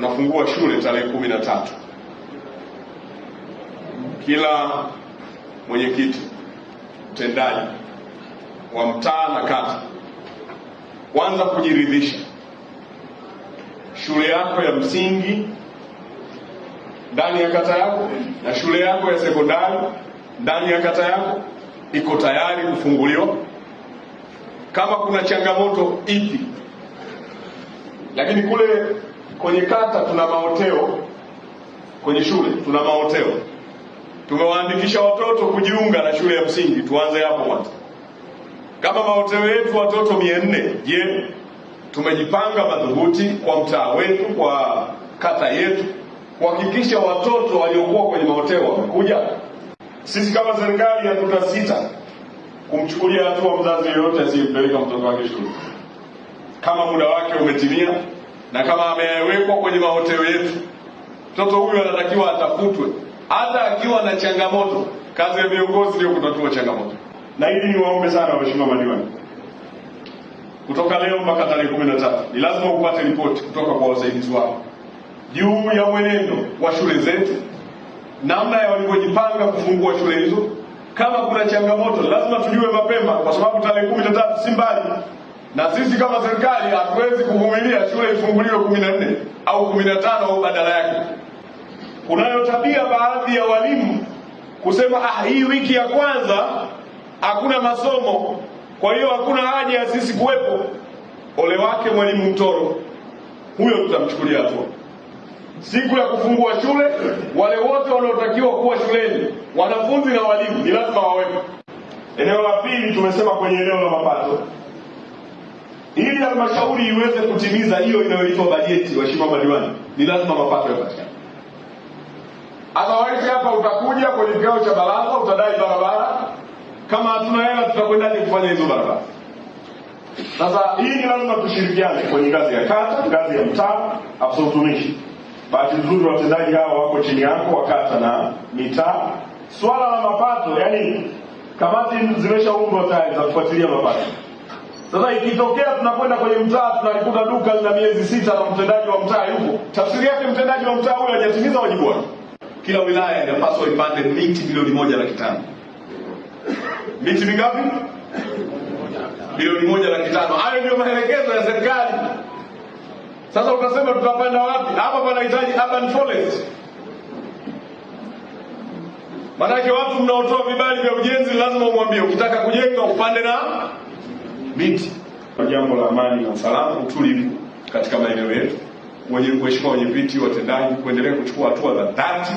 tunafungua shule tarehe kumi na tatu. Kila mwenyekiti mtendaji wa mtaa na kata, kwanza kujiridhisha shule yako ya msingi ndani ya kata yako na shule yako ya sekondari ndani ya kata yako iko tayari kufunguliwa. Kama kuna changamoto ipi, lakini kule kwenye kata tuna maoteo, kwenye shule tuna maoteo. Tumewaandikisha watoto kujiunga na shule ya msingi, tuanze hapo kwanza. Kama maoteo yetu watoto mia nne, je, tumejipanga madhubuti kwa mtaa wetu, kwa kata yetu kuhakikisha watoto waliokuwa kwenye maoteo wamekuja. Sisi kama serikali hatutasita kumchukulia hatua mzazi yoyote asiyempeleka mtoto wake shule kama muda wake umetimia na kama amewekwa kwenye mahoteli yetu, mtoto huyu anatakiwa atafutwe, hata akiwa na changamoto. Kazi ya viongozi ndio kutatua changamoto, na hili niwaombe sana waheshimiwa madiwani, kutoka leo mpaka tarehe kumi na tatu ni lazima upate ripoti kutoka kwa wasaidizi wako juu ya mwenendo wa shule zetu, namna ya walivyojipanga kufungua shule hizo. Kama kuna changamoto, lazima tujue mapema, kwa sababu tarehe kumi na tatu si mbali na sisi kama serikali hatuwezi kuvumilia shule ifunguliwe kumi na nne au kumi na tano au badala yake. Kunayo tabia baadhi ya walimu kusema ah, hii wiki ya kwanza hakuna masomo, kwa hiyo hakuna haja ya sisi kuwepo. Ole wake mwalimu mtoro huyo, tutamchukulia hatua. Siku ya kufungua shule, wale wote wanaotakiwa kuwa shuleni, wanafunzi na walimu, ni lazima wawepo. Eneo la pili tumesema kwenye eneo la mapato ili halmashauri iweze kutimiza hiyo inayoitwa bajeti, waheshimiwa madiwani, ni lazima mapato yapatikane. Hata hapa utakuja kwenye kikao cha baraza utadai barabara, kama hatuna hela tutakwendaje kufanya hizo barabara? Sasa hii ni lazima tushirikiane kwenye ngazi ya kata, ngazi ya mtaa, afisa utumishi. Bahati nzuri watendaji hawa wako chini yako wa kata na mitaa. Swala la mapato, yani kamati zimeshaundwa tayari za kufuatilia mapato. Sasa ikitokea tunakwenda kwenye mtaa tunalikuta duka lina miezi sita na mtendaji wa mtaa yuko, tafsiri yake mtendaji wa mtaa huyo hajatimiza wajibu wake. Kila wilaya inapaswa ipate miti milioni moja laki tano. Miti mingapi? Milioni moja laki tano. Hayo ndio maelekezo ya serikali. Sasa utasema tutapanda wapi? Hapa panahitaji urban forest. Maanake watu mnaotoa vibali vya ujenzi lazima umwambie ukitaka kujenga upande na kudhibiti na jambo la amani na usalama, utulivu katika maeneo yetu. Wenye kuheshimiwa wenyeviti, watendaji, kuendelea kuchukua hatua za dhati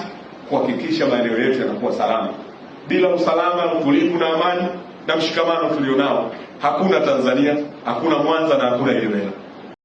kuhakikisha maeneo yetu yanakuwa salama. Bila usalama na utulivu na amani na mshikamano tulionao, hakuna Tanzania, hakuna Mwanza na hakuna Ilemela.